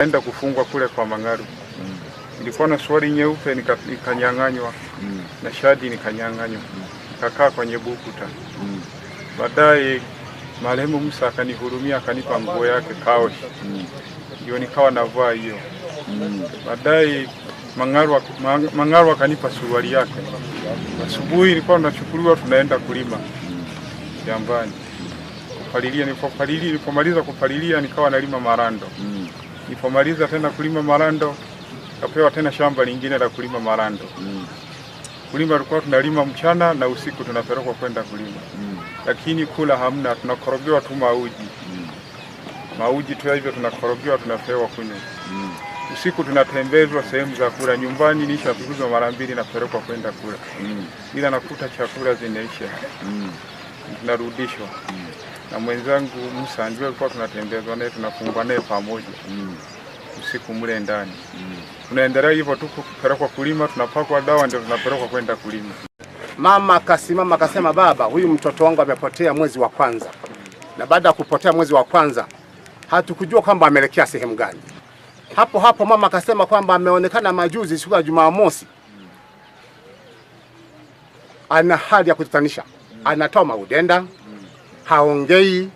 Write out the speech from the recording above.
Enda kufungwa kule kwa mang'aru mm. Nilikuwa na suruali nyeupe nikanyang'anywa mm. na shadi nikanyang'anywa mm. nikakaa kwenye bukuta mm. Baadaye marehemu Musa akanihurumia akanipa nguo yake kaoshi mm. nikawa navaa hiyo mm. Baadaye mang'aru akanipa suruali yake. Asubuhi nilikuwa nachukuliwa tunaenda kulima mm. shambani kupalilia. Nilipomaliza kupalilia nikawa nalima marando mm nipomaliza tena kulima marando kapewa tena shamba lingine la kulima marando mm. Kulima tulikuwa tunalima mchana na usiku tunapelekwa kwenda kulima mm. Lakini kula hamna, tunakorogewa tu mauji mm. Mauji tu hivyo tunakorogewa, tunapewa kunywa mm. Usiku tunatembezwa sehemu za kula. Nyumbani nishapiguzwa mara mbili, napelekwa kwenda kula mm. Ila nakuta chakula zinaisha mm. Tunarudishwa mm na mwenzangu Musa ndio alikuwa tunatembezwa naye tunafungwa naye pamoja mm. usiku mle ndani mm. tunaendelea hivyo tu kupelekwa kulima, tunapakwa dawa ndio tunapelekwa kwenda kulima. Mama akasimama akasema, baba, huyu mtoto wangu amepotea mwezi wa kwanza, na baada ya kupotea mwezi wa kwanza hatukujua kwamba ameelekea sehemu gani. Hapo hapo mama akasema kwamba ameonekana majuzi siku ya Jumamosi, ana hali ya kutatanisha, mm. anatoa maudenda 唐介。